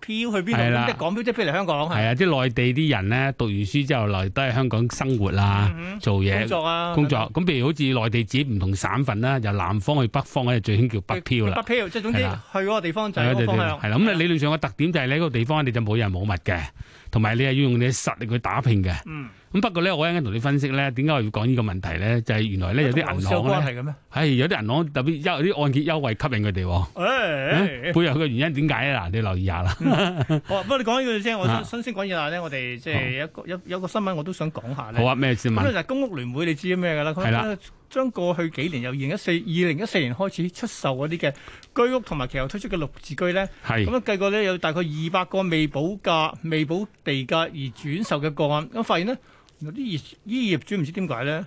漂去邊度？港即係港漂，即係漂嚟香港。係啊，啲內地啲人咧，讀完書之後嚟，都喺香港生活啊，嗯嗯做嘢工作咁、啊、譬如好似內地自己唔同省份啦，由南方去北方就北，喺最興叫北漂啦。北漂即係總之去嗰、就是、個地方就係方向。係啦，咁理論上嘅特點就係你嗰個地方你就冇人冇物嘅，同埋你係要用你嘅實力去打拼嘅。嗯。咁、嗯、不過咧，我一陣間同你分析咧，點解我要講呢個問題咧？就係、是、原來咧有啲銀行咧，唉、哎，有啲銀行特別優啲按揭優惠吸引佢哋、哦。誒、哎哎哎，背後嘅原因點解咧？嗱，你留意下啦、嗯。不過你講呢句先，啊、先我新先講嘢啦，呢我哋即係一個有有個新聞我都想講下咧。好啊，咩先？新就嗱，公屋聯會你知咩㗎啦？係啦，將過去幾年由二零一四二零一四年開始出售嗰啲嘅居屋同埋其後推出嘅綠置居咧，係咁樣計過咧，有大概二百個未補價、未補地價而轉售嘅個案，咁發現呢。有啲業依業主唔知點解咧，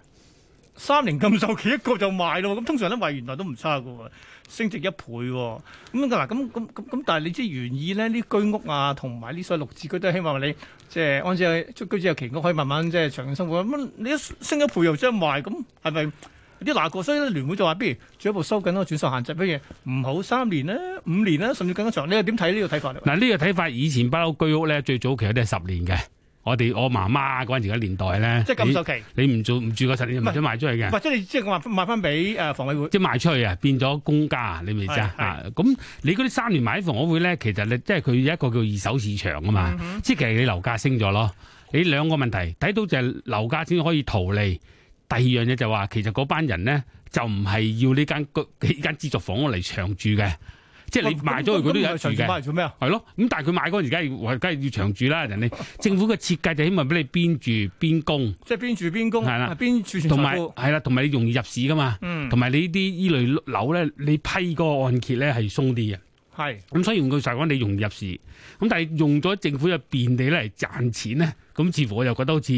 三年咁受期一個就賣咯，咁通常咧賣原來都唔差嘅喎，升值一倍喎。咁嗱咁咁咁咁，但係你知願意咧，啲居屋啊，同埋呢所謂綠置居都希望你即係安置住居者有其屋，可以慢慢即係、就是、長遠生活。咁你一升一倍又將賣，咁係咪有啲嗱個？所以咧聯會就話，不如進一步收緊咯，轉售限制不如唔好三年咧、五年咧，甚至更加長。你又點睇呢、這個睇法嗱呢個睇法以前不嬲居屋咧，最早期都係十年嘅。我哋我媽媽嗰陣時嘅年代咧，即係禁售期，你唔做唔住個十年，唔使賣出去嘅。即係你即係賣翻俾房委會，即係賣出去啊，變咗公家，你明唔明啊，咁你嗰啲三年買房委會咧，其實你即係佢有一個叫二手市場啊嘛，嗯、即係其實你樓價升咗咯。你兩個問題，第一都就係樓價先可以逃離，第二樣嘢就話、是、其實嗰班人咧就唔係要呢間個呢間資助房嚟長住嘅。即係你賣咗佢嗰啲人住嘅，係咯。咁但係佢買嗰陣時，梗係要長住啦。 人哋政府嘅設計就希望俾你邊住邊供，即 係邊住邊供，係啦，邊住同埋係啦，同埋你容易入市噶嘛。同、嗯、埋你呢啲依類樓咧，你批個按揭咧係鬆啲嘅。係咁，所以用句實講，你容易入市。咁但係用咗政府嘅便利咧嚟賺錢咧，咁似乎我又覺得好似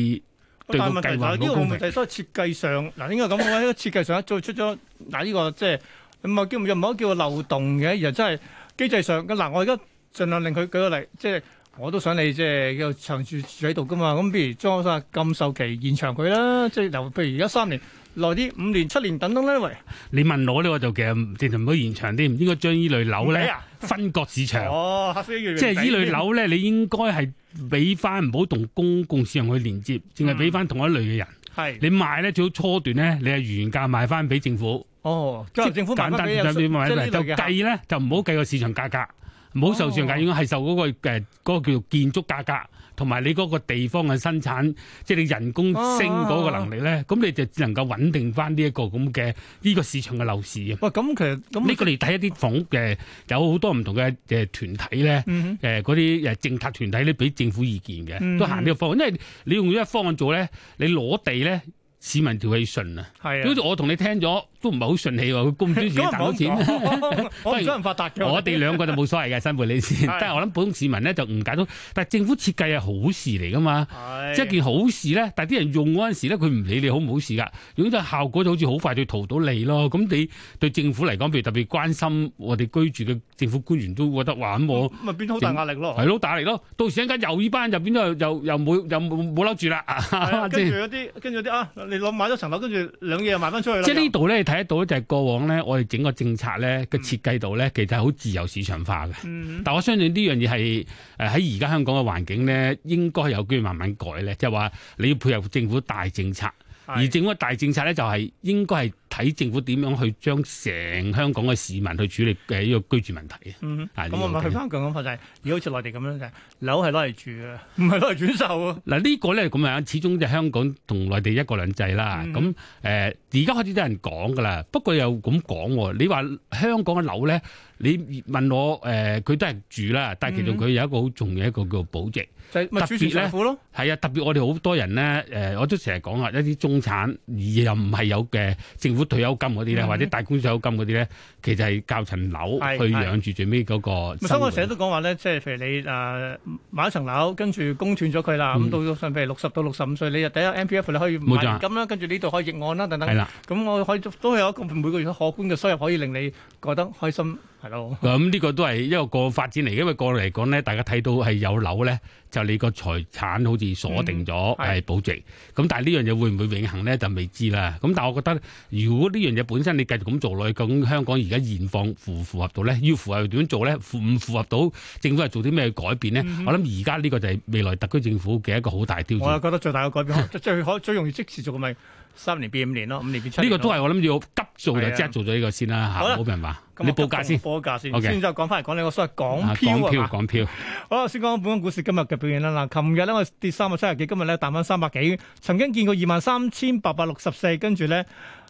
對個計劃唔公平。但係問題係呢個問題，所以設計上嗱， 應該咁講，因為設計上做再出咗嗱呢個即係。唔係叫唔好，叫個漏洞嘅，而真係機制上嘅。嗱，我而家盡量令佢舉個例，即係我都想你即係長住住喺度噶嘛。咁譬如將我咁禁售期延長佢啦，即係譬如而家三年內啲五年、七年等等咧。喂，你問我呢，我就其實完全唔好延長啲，應該將呢類樓咧分割市場。啊、 哦，即係呢類樓咧，你應該係俾翻唔好同公共市場去連接，淨係俾翻同一類嘅人。係、嗯、你賣咧，最好初段咧，你係原價賣翻俾政府。哦，即係政府唔得，你咪就計咧，就唔好計個市場價格，唔好受市場價，應該係、哦、受嗰、嗰個誒、呃嗰個、叫做建築價格同埋你嗰個地方嘅生產，即係你人工升嗰個能力咧，咁、哦、你就只能夠穩定翻呢一個咁嘅呢個市場嘅樓市。喂、哦，咁其實呢、嗯呢個嚟睇一啲房屋嘅有好多唔同嘅誒團體咧，誒嗰啲誒政策團體咧，俾政府意見嘅，都行呢個方案，因為你用呢個方案做咧，你攞地咧。市民條氣順啊，係啊，好似我同你聽咗都唔係好順氣喎，佢公廁事賺到錢， 我唔我哋兩個就冇所謂嘅新盤利是、啊，但係我諗普通市民咧就唔解到，但係政府設計係好事嚟㗎嘛，即係、啊就是、件好事咧。但係啲人用嗰陣時咧，佢唔理你好唔好事㗎，如果效果就好似好快就逃到你咯。咁你對政府嚟講，譬如特別關心我哋居住嘅政府官員都覺得玩喎，咁咪變咗好大壓力咯，係咯打嚟咯。到時一間又依班入又變咗又又冇又冇冇嬲住啦，跟住有啲跟住有啲啊！你買咗層樓，跟住兩嘢又賣翻出去啦。即係呢度咧，睇得到就係過往咧，我哋整個政策咧嘅設計度咧，其實係好自由市場化嘅、嗯。但我相信呢樣嘢係誒喺而家香港嘅環境咧，應該有機會慢慢改咧。即係話你要配合政府大政策，而政府大政策咧就係應該係。睇政府點樣去將成香港嘅市民去處理嘅呢個居住問題啊！咁我問咁就係，如果似內地咁樣就係樓係攞嚟住啊，唔係攞嚟轉售啊！嗱、嗯這個、呢個咧，咁樣始終就香港同內地一國兩制啦。咁誒而家開始都有人講㗎啦，不過又咁講，你話香港嘅樓咧，你問我誒佢、呃、都係住啦，但係其實佢有一個好重要的一個叫保值，就、嗯、特別、就是、政府咯。係啊，特別我哋好多人咧誒、呃，我都成日講啊，一啲中產而又唔係有嘅政府。退休金嗰啲咧，或者大公司退休金嗰啲咧，其實係教層樓去養住最尾嗰個。香我成日都講話咧，即係譬如你誒、啊、買一層樓，跟住供斷咗佢啦，咁、嗯、到上譬如六十到六十五歲，你又第一 M P F 你可以買金啦，跟住呢度可以逆按啦等等，咁我可以都有一個每個月可觀嘅收入，可以令你覺得開心。係咯，咁、嗯、呢、這個都係一個個發展嚟，因為過嚟講咧，大家睇到係有樓咧，就你個財產好似鎖定咗，係保值。咁、嗯、但係呢樣嘢會唔會永恆咧，就未知啦。咁但係我覺得，如果呢樣嘢本身你繼續咁做落去，咁香港而家現況符唔符合到咧？要符合點做咧？符唔符合到？政府係做啲咩改變咧、嗯？我諗而家呢個就係未來特區政府嘅一個好大挑戰。我覺得最大嘅改變，最可最容易即時做嘅咪。三年變五年咯，五年變七年。呢、這個都係我諗住急做嘅，即係做咗呢個先啦、啊、嚇。好唔好俾人話？你報價先，報價先，先再講翻嚟講呢個所謂港漂。啊、港漂，好啦，先講本港股市今日嘅表現啦。嗱，琴日呢我跌三百七十幾，今日咧彈翻三百幾。曾經見過二萬三千八百六十四，跟住咧、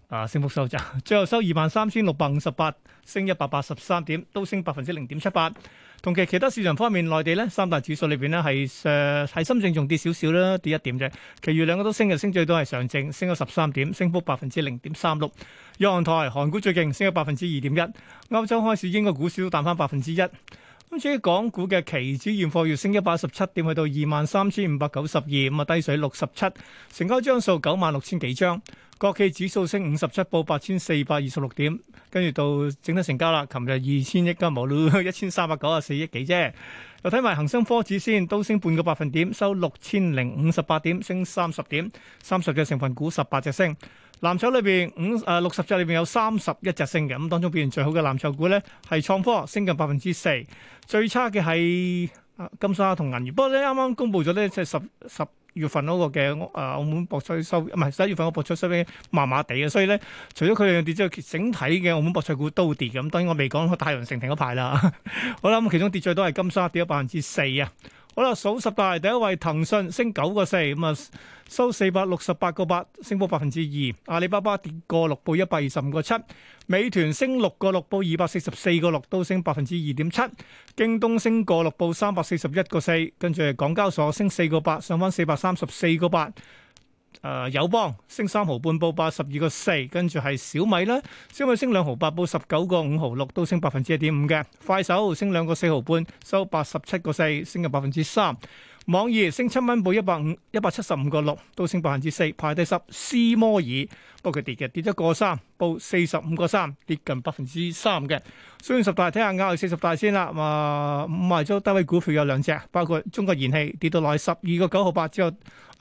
啊升幅收窄，最後收二萬三千六百五十八，升一百八十三點，都升百分之零點七八。同期其他市場方面，內地咧三大指數裏邊咧係誒，係、呃、深證仲跌少少啦，跌一點啫。其餘兩個都升，又升最多係上證，升咗十三點，升幅百分之零點三六。日韓台，韓股最勁，升咗百分之二點一。歐洲開市，英國股市都彈翻百分之一。咁至於港股嘅期指現貨月升一百一十七點，去到二萬三千五百九十二，咁啊低水六十七，成交張數九萬六千幾張。國企指數升五十七，報八千四百二十六點，跟住到整體成交啦。琴日二千億都冇，一千三百九啊四億幾啫。又睇埋恒生科指先，都升半個百分點，收六千零五十八點，升三十點，三十隻成分股十八隻升。藍籌裏邊五、誒、六十隻裏邊有三十一隻升嘅，咁當中表現最好嘅藍籌股咧係創科升近百分之四，最差嘅係、呃、金沙同銀娛。不過咧啱啱公布咗咧即係十十月份嗰個嘅、誒、呃、澳門博彩收唔係十一月份嘅博彩收益麻麻地嘅，所以咧除咗佢哋跌之外，整體嘅澳門博彩股都跌嘅。咁當然我未講太陽城停牌啦。好啦，咁、嗯、其中跌最多係金沙跌咗百分之四啊。好啦，數十大第一位，騰訊升九個四，咁啊收四百六十八個八，升幅百分之二。阿里巴巴跌過六，報一百二十五個七。美團升六個六，報二百四十四個六，都升百分之二點七。京東升個六，報三百四十一個四。跟住係港交所升四個八，上返四百三十四個八。誒，友邦升三毫半，報八十二個四，跟住係小米啦，小米升兩毫八，報十九個五毫六，都升百分之一點五嘅。快手升兩個四毫半收八十七個四，升嘅百分之三。網易升七蚊，報一百五一百七十五個六，都升百分之四，排第十。斯摩爾不過佢跌嘅，跌咗個三，報四十五個三，跌近百分之三嘅。雖然十大睇下壓住四十大先啦。啊，五位中低位股票有兩隻，包括中國燃氣跌到落去十二個九毫八之後，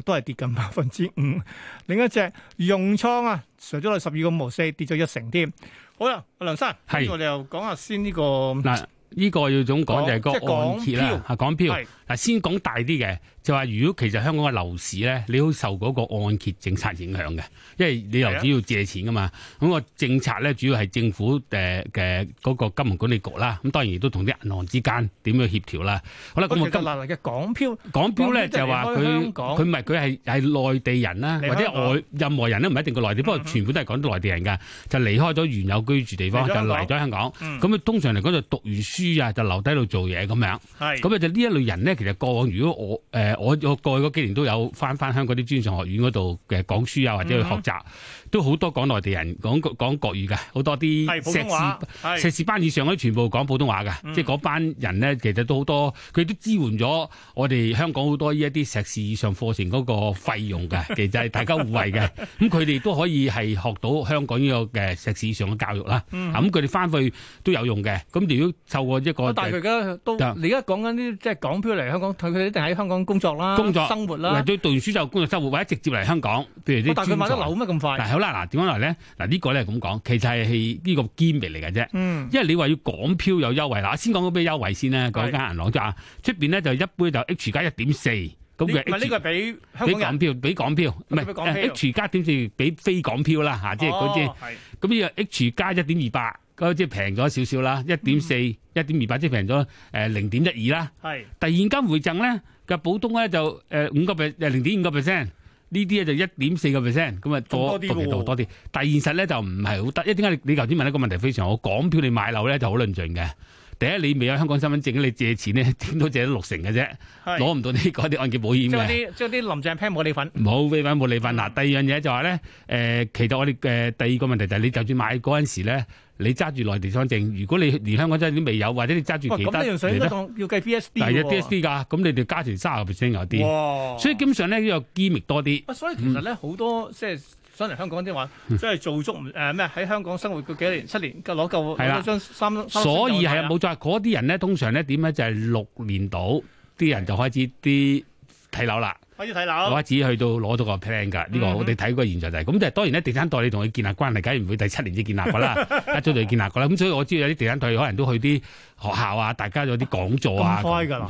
都係跌近百分之五。另一隻融創啊，上咗落十二個五毛四，跌咗一成添。好啦，梁生，係我哋又講下先呢、這個呢、就是、個要總講就係個按揭啦，講港票。嗱，先講大啲嘅。就話、是、如果其實香港嘅樓市咧，你好受嗰個按揭政策影響嘅，因為你又主要借錢噶嘛。咁、那個政策咧主要係政府嘅嗰個金融管理局啦，咁當然亦都同啲銀行之間點樣協調啦。好啦，咁我其實嗱嗱嘅港漂，港漂咧就話佢佢唔係佢係係內地人啦，或者外任何人呢，唔一定個內地、嗯，不過全部都係講到內地人㗎，就離開咗原有居住地方就嚟咗香港。咁、嗯、佢通常嚟講就讀完書啊，就留低度做嘢咁樣。咁就呢一類人咧，其實過往如果我、呃我我過去嗰幾年都有返返香港啲專上學院嗰度嘅講書啊，或者去學習。嗯。啊都好多講內地人講講國語嘅，好多啲碩士、碩士班以上嗰全部講普通話嘅，嗯，即係嗰班人咧，其實都好多，佢都支援咗我哋香港好多呢一啲碩士以上課程嗰個費用嘅， 其實係大家互惠嘅。咁佢哋都可以係學到香港呢個嘅碩士以上嘅教育啦。咁佢哋翻去都有用嘅。咁如果透過一個，但係佢而家都你而家講緊啲即係港漂嚟香港，佢一定喺香港工作啦、工作生活啦。佢讀完書就工作生活，或者直接嚟香港，譬如啲。但係佢買得樓咩咁快？啊嗱，點樣嚟咧？嗱，呢個咧係咁講，其實係係呢個堅味嚟嘅啫。嗯，因為你話要港票有優惠，嗱，先講嗰啲優惠先啦。嗰間銀行即係啊，出邊咧就一杯就 H 加一點四，咁嘅。唔係呢個俾俾港票，俾港票，唔係 H 加點四？俾非港票啦，嚇，即係嗰啲。係。咁呢個 H 加一點二八，嗰啲即係平咗少少啦，一點四、一點二八，即係平咗誒零點一二啦。係。但現金回贈咧嘅普通咧就誒五個 percent，零點五個 percent。呢啲咧就，就一點四個 percent，咁啊多多啲，但係現實咧就唔係好得。一點解你你頭先問呢個問題非常好，港漂你買樓咧就好論盡嘅。第一，你未有香港身份證，你借錢咧點都借得六成嘅啫，攞唔到呢、這、啲、個、按揭保險嘅。將啲將啲林鄭 Pan 冇你份，冇冇你份。嗱、嗯、第二樣嘢就係、是、咧，誒、呃，其實我哋嘅、呃、第二個問題就係、是、你就算買嗰陣時咧。你揸住內地雙證，如果你連香港真係都未有，或者你揸住其他，咁一樣水當，當要計 BSD。但 BSD 啊 BSD 㗎，咁你哋加成三十 percent 有啲。所以基本上咧又機密多啲。所以其實咧好、嗯、多即係想嚟香港啲話，即、就、係、是、做足誒咩喺香港生活過幾年七年，夠攞夠攞到三，是、啊三啊。所以係冇錯，嗰啲人咧通常咧點咧就係、是、六年度啲人就開始啲睇、嗯、樓啦。開始睇樓，我一直去到攞到個 plan 噶，呢個我哋睇過，現在就係咁。即係當然咧，地產代理同佢建立關係，梗係唔會第七年先建立噶啦， 一早就建立噶啦。咁所以我知有啲地產代理可能都去啲學校啊，大家有啲講座啊，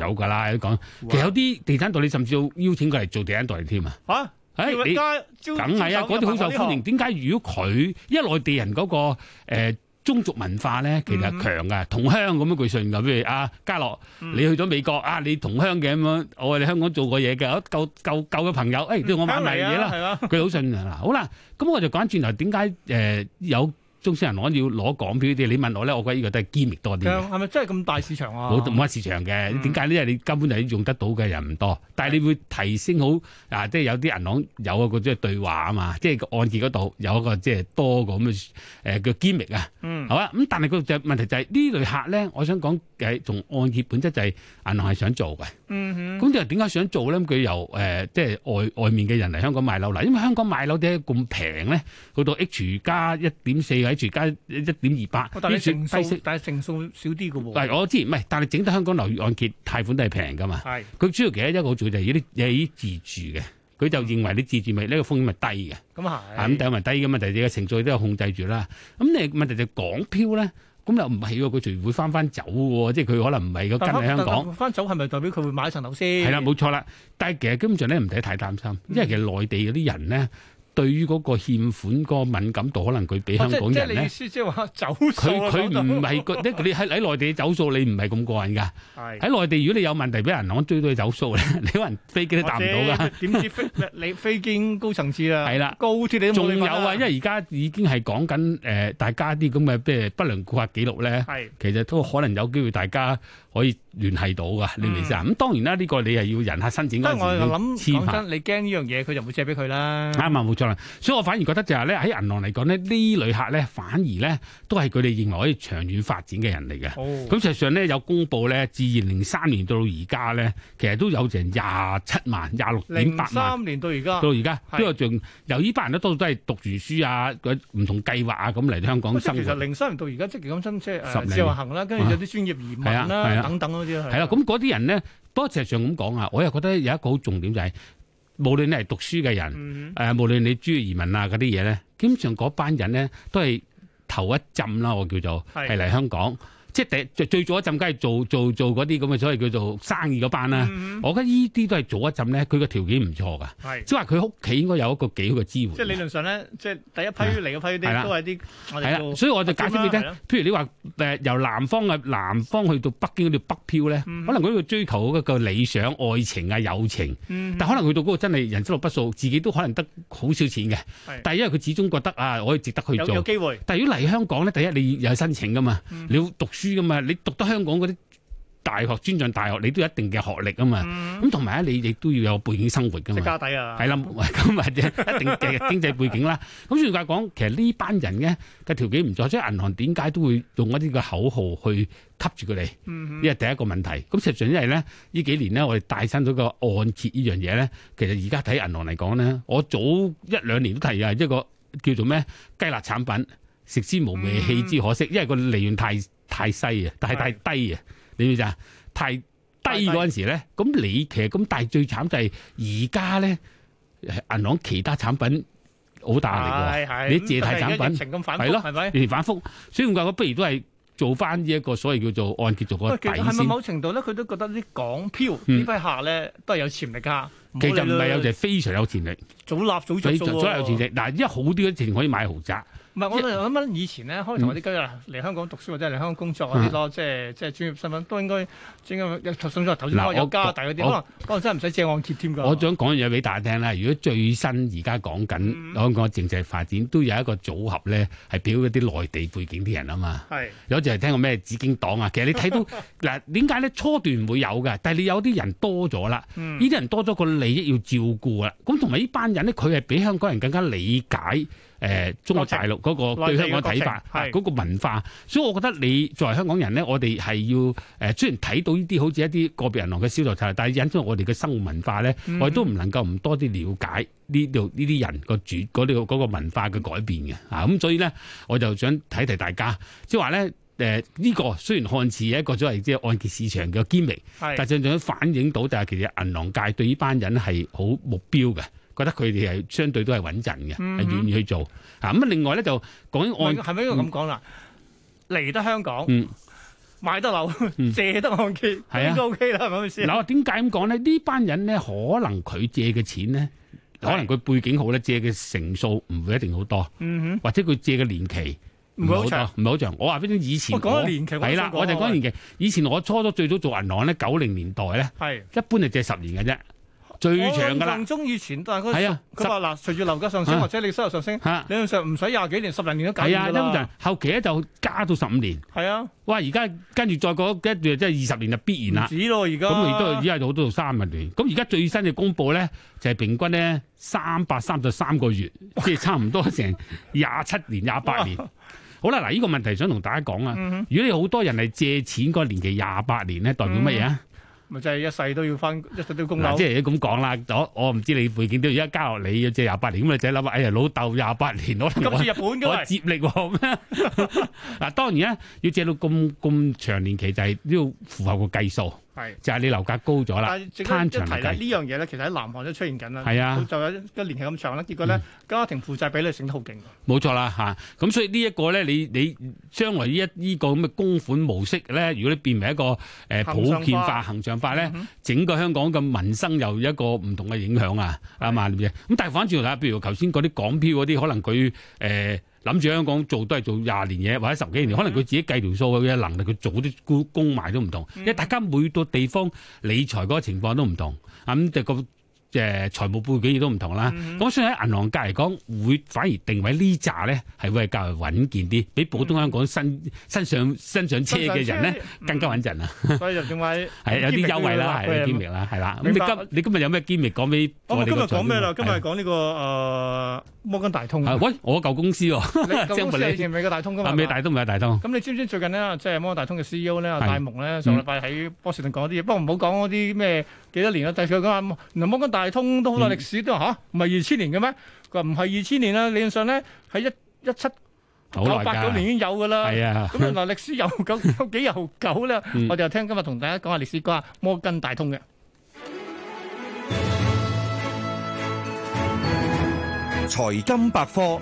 有噶啦，有講。其實有啲地產代理甚至要邀請佢嚟做地產代理添啊。吓，唉，你梗係啊，嗰啲好受歡迎。點解如果佢，因為內地人嗰個誒。宗族文化咧，其實係強嘅，mm -hmm. 同鄉咁樣佢信嘅，譬如阿嘉、啊、樂，mm -hmm. 你去咗美國啊，你同鄉嘅咁樣，我哋香港做過嘢嘅，舊舊舊嘅朋友，誒、欸，叫我買賣嘢啦，佢、mm、好 -hmm. 信啊。嗱， 好啦，咁我就講轉頭，點解誒有？中小銀行要攞港漂啲，你問我咧，我覺得呢個都係 gamble 多啲。係咪真係咁大市場啊？冇冇乜市場嘅，點、嗯、解呢？因你根本就用得到嘅人唔多，但係你會提升好啊，即、就、係、是、有啲銀行有一個即係對話啊嘛，即係個按揭嗰度有一個即係、就是、多個咁嘅誒叫 gamble 啊，係、嗯、嘛？咁、嗯、但係個就問題就係、是、呢類客咧，我想講誒，從按揭本質就係、是、銀行係想做嘅。咁啲人點解想做咧？佢由誒即係外外面嘅人嚟香港買樓嗱，因為香港買樓點解咁平咧？去到 H 加一點四住加一點二八，但係成數，數少啲嘅喎。嗱，我之前唔係，但係整得香港樓宇按揭貸款都係平嘅嘛。係，佢主要其實一個好處就係啲嘢啲自住嘅，佢就認為你自住咪呢、嗯呢個風險咪低嘅。咁啊係，咁抵埋低嘅嘛。但係你嘅程序都有控制住啦。咁你問題就港漂咧，咁又唔係個個仲會翻翻走喎。即係佢可能唔係個跟喺香港翻走，係咪代表佢會買一層樓先？係啦、啊，冇錯啦。但係其實根本上咧唔使太擔心，因為其實內地嗰啲人咧。嗯對於嗰個欠款嗰個敏感度，可能佢比香港人咧，啊、你意思即係話走數佢佢唔係個，你你喺喺內地走數，你唔係咁過癮㗎。係 喺內地，如果你有問題，俾銀行追到走 你走數咧，你可能飛機都搭唔到㗎。點知飛？你飛機高層次啦，係啦，高鐵你都仲有啊？因為而家已經係講緊誒，大家啲咁嘅咩不良顧客記錄咧，係其實都可能有機會大家。可以聯繫到噶，你明唔明啊？咁、嗯、當然啦，呢、呢個你係要人客申請我啲簽發。你驚呢樣嘢，佢就唔冇借俾佢啦。啱啊，冇錯啦。所以我反而覺得就係、是、咧，喺銀行嚟講呢呢類客咧，反而咧都係佢哋認為可以長遠發展嘅人嚟嘅。咁事實上咧有公佈咧，自二零三年到而家咧，其實都有成廿七萬、廿六點八萬。零三年到而家，到而家都有仲由呢班人都多數都係讀住書啊，唔同計劃、呃、啊，咁嚟香港。生係其實零三年到而家，即係咁即係誒自由行啦，跟住有啲專業移民啊，係等等嗰啲係啦，咁嗰啲人咧，不過事實上咁講啊！我又覺得有一個好重點就係、是，無論你係讀書嘅人，誒、嗯，無論你諸如移民啊嗰啲嘢咧，基本上嗰班人咧都係頭一浸啦，我叫做係嚟香港。即係第最早一陣，梗係做做做嗰啲咁嘅，所謂叫做生意嗰班啦、啊嗯。我覺得呢啲是早呢啲都係做一陣咧，佢個條件唔錯噶。即係話佢屋企應該有一個幾好嘅支援、啊。即係理論上咧，即係第一批嚟嗰批啲都係啲。係啦，所以我就解釋俾你聽。譬如你話誒、呃、由南方嘅南方去到北京嗰啲北漂咧、嗯，可能佢要追求嗰個理想、愛情啊、友情、嗯。但可能去到嗰個真係人生路不熟，自己都可能得好少錢嘅。但係因為佢始終覺得啊，我值得去做。有，有機會。但係如果嚟香港咧，第一你有申請㗎嘛？你要讀。豬噶嘛？你讀得香港嗰啲大學、專上大學，你都有一定嘅學歷啊嘛。咁同埋咧，你亦都要有背景生活噶嘛。即係家底啊，係啦，咁啊，一定嘅經濟背景啦。咁專家講，其實呢班人嘅嘅條件唔錯，即係銀行點解都會用一啲嘅口號去吸住佢哋？呢、嗯、係第一個問題咁，實際上因為咧呢幾年咧，我哋帶生咗個按揭呢樣嘢咧，其實而家睇銀行嚟講咧，我早一兩年都提啊，一個叫做咩雞肋產品，食之無味，棄之可惜，嗯、因為個利潤太。太細啊，太太低啊，點知咋？太低嗰陣時咧，咁你其實咁，但係最慘就係而家咧，銀行其他產品好大壓力的的的你借貸產品係咯，係咪？連反覆，所以唔怪得，不如都係做翻呢一個所謂叫做按揭做個底先。係咪某程度咧，佢都覺得啲港漂呢批客咧都係有潛力噶？其實唔係有，就係非常有潛力，早立早著數。早有潛力嗱，好一好啲嘅情可以買豪宅。唔係，我哋諗以前咧，開台啲雞啊，嚟香港讀書或者嚟香港工作嗰啲咯，即係即係專業身份都應該，即係有頭先話頭先嗱，有加大嗰啲，可能真係唔使借按揭添㗎。我想講嘢俾大家聽啦，如果最新而家講緊香港政制發展，都有一個組合咧，係表嗰啲內地背景啲人啊嘛。係有就係聽過咩紫荊黨啊，其實你睇到嗱點解咧？初段唔會有嘅，但係你有啲人多咗啦，呢、嗯、啲人多咗個利益要照顧啊。咁同埋呢班人咧，佢係比香港人更加理解。誒，中國大陸嗰個對香港睇法，嗰個文化，所以我覺得你作為香港人咧，我哋係要誒，雖然睇到呢啲好似一啲個別銀行嘅銷售策略，但係引出我哋嘅生活文化咧，我哋都唔能夠唔多啲了解呢度呢啲人個主嗰個文化嘅改變嘅啊！咁所以咧，我就想提提大家，即係話咧誒呢個雖然看似一個所謂即係按揭市場嘅堅微，但係正正反映到，就係其實銀行界對呢班人係好目標嘅。覺得佢哋係相對都係穩陣嘅，係願意去做。啊，咁另外咧就講起按，係咪應該咁講啦？嚟、嗯、得香港，嗯，買得樓、嗯，借得按揭，係都 OK 啦，係咪先？嗱、啊，點解咁講咧？呢班人咧，可能佢借嘅錢咧，可能佢背景好咧，借嘅成數唔會一定好多。嗯、哼，或者佢借嘅年期唔係好長，唔係好長。我話俾你以前講、嗰個、年期我講過，係啦、啊，我就講年期。以前我初初最早做銀行咧，九零年代咧，係一般係借十年嘅啫。最長噶啦，仲中以前，但係佢佢話嗱，隨住樓價上升、啊、或者你收入上升，你、啊、又上唔使廿幾年，十零年都解決咗，咁後期咧就加到十五年。係啊，哇！而家跟住再過一段，即係二十年就必然啦。唔止咯，而家咁亦都依家好多到三十年。咁而家最新嘅公布咧，就係、是、平均咧三百三十三個月，即係差唔多成廿七年、廿八年。好啦，嗱，呢個問題想同大家講啊、嗯。如果你好多人嚟借錢，個年期廿八年咧，代表乜嘢啊？嗯咪就係一世都要翻，一世都要供樓。嗱，即係咁講啦。我，我唔知你背景點。而家加落你要借廿八年，咁你就係諗下，哎呀，老豆廿八年攞嚟。今次日本咁係。我接力咩？嗱， 當然啦，要借到咁咁長年期，就係都要符合個計數。係，就係、是、你樓價高咗啦，攤長計。呢樣嘢咧，其實喺南韓都出現緊啦。係啊，就係個年期咁長啦，結果咧、嗯、家庭負債比例升得好勁。冇錯啦，嚇！咁所以這個呢一個咧，你你將來呢一依個咁嘅供款模式咧，如果你變為一個誒普遍化、恆常化咧、嗯，整個香港嘅民生又一個唔同嘅影響啊，啱唔啱啊？咁樣，咁但係反轉嚟睇，譬如頭先嗰啲港漂嗰啲，可能佢誒。呃喺諗住香港做都係做廿年嘢或者十幾年，可能佢自己計條數嘅能力，佢做啲供供埋都唔同，因為大家每個地方理財嗰個情況都唔同，咁、第個誒財務背景亦都唔同啦。咁所以喺銀行界嚟講，會反而定位呢扎咧係會較為穩健啲，比普通香港新新上新、嗯、上車嘅人咧更加穩陣啊、嗯！所以就定位有啲優惠啦，係堅啦，你今日有咩堅密講俾我今日講咩啦？今日講呢、這個誒、啊、摩根大通。喂、啊，what? 我舊公司喎，將你舊公司係咪美國大通㗎嘛？大通咪大通。咁你知唔知最近呢？即係摩根大通嘅 CEO 咧戴蒙咧，上禮拜喺波士頓講啲嘢，不過唔好講嗰啲咩幾多年啊，但係摩根大、啊大通都好耐歷史，都話吓唔係二千年嘅咩？佢話唔係二千年啦，理論上咧喺一一七九八九年已經有噶啦。係啊，咁原來歷史悠久有幾悠久咧？ 我哋就聽今日同大家講下歷史講下摩根大通嘅財金百科。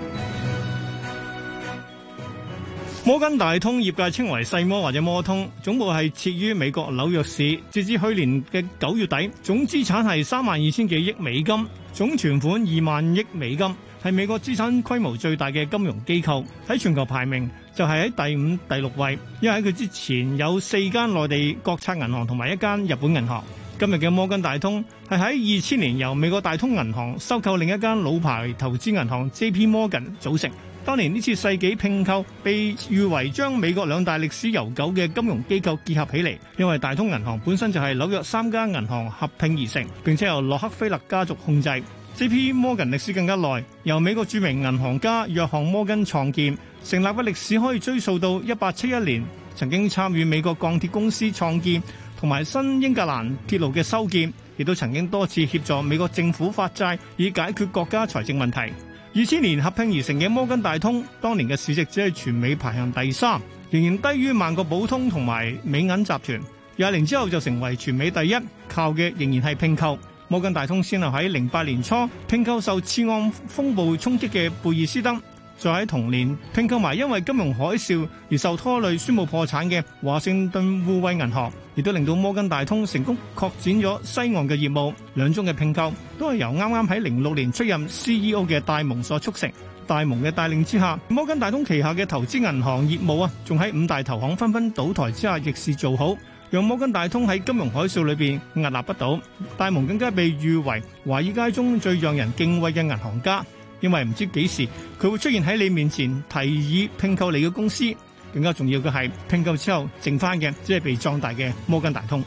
摩根大通業界稱為細摩或者摩通，總部係設於美國紐約市。截至去年嘅九月底，總資產係三萬二千幾億美金，總存款二萬億美金，係美國資產規模最大嘅金融機構。喺全球排名就係喺第五、第六位，因為喺佢之前有四間內地國策銀行同埋一間日本銀行。今日嘅摩根大通係喺二千年由美國大通銀行收購另一間老牌投資銀行 J.P. Morgan 組成。當年呢次世紀併購被譽為將美國兩大歷史悠久嘅金融機構結合起嚟，因為大通銀行本身就係紐約三家銀行合併而成，並且由洛克菲勒家族控制。J.P. 摩根歷史更加耐，由美國著名銀行家約翰·摩根創建，成立嘅歷史可以追溯到一八七一年，曾經參與美國鋼鐵公司創建同埋新英格蘭鐵路嘅修建，亦都曾經多次協助美國政府發債以解決國家財政問題。二千年合併而成嘅摩根大通，當年嘅市值只係全美排行第三，仍然低於萬國寶通同埋美銀集團。廿年之後就成為全美第一，靠嘅仍然係拼購。摩根大通先後喺零八年初拼購受次按風暴衝擊嘅貝爾斯登。再喺同年，拼購埋因為金融海嘯而受拖累、宣布破產嘅華盛頓互惠銀行，亦都令到摩根大通成功擴展咗西岸嘅業務。兩宗嘅拼購都係由啱啱喺零六年出任 CEO 嘅戴蒙所促成。戴蒙嘅帶領之下，摩根大通旗下嘅投資銀行業務啊，仲喺五大投行紛紛倒台之下，逆市做好，讓摩根大通喺金融海嘯裏邊屹立不倒。戴蒙更加被譽為華爾街中最讓人敬畏嘅銀行家。因為唔知幾時佢會出現喺你面前提議併購你嘅公司，更加重要嘅係併購之後剩返嘅，即係被壯大嘅摩根大通。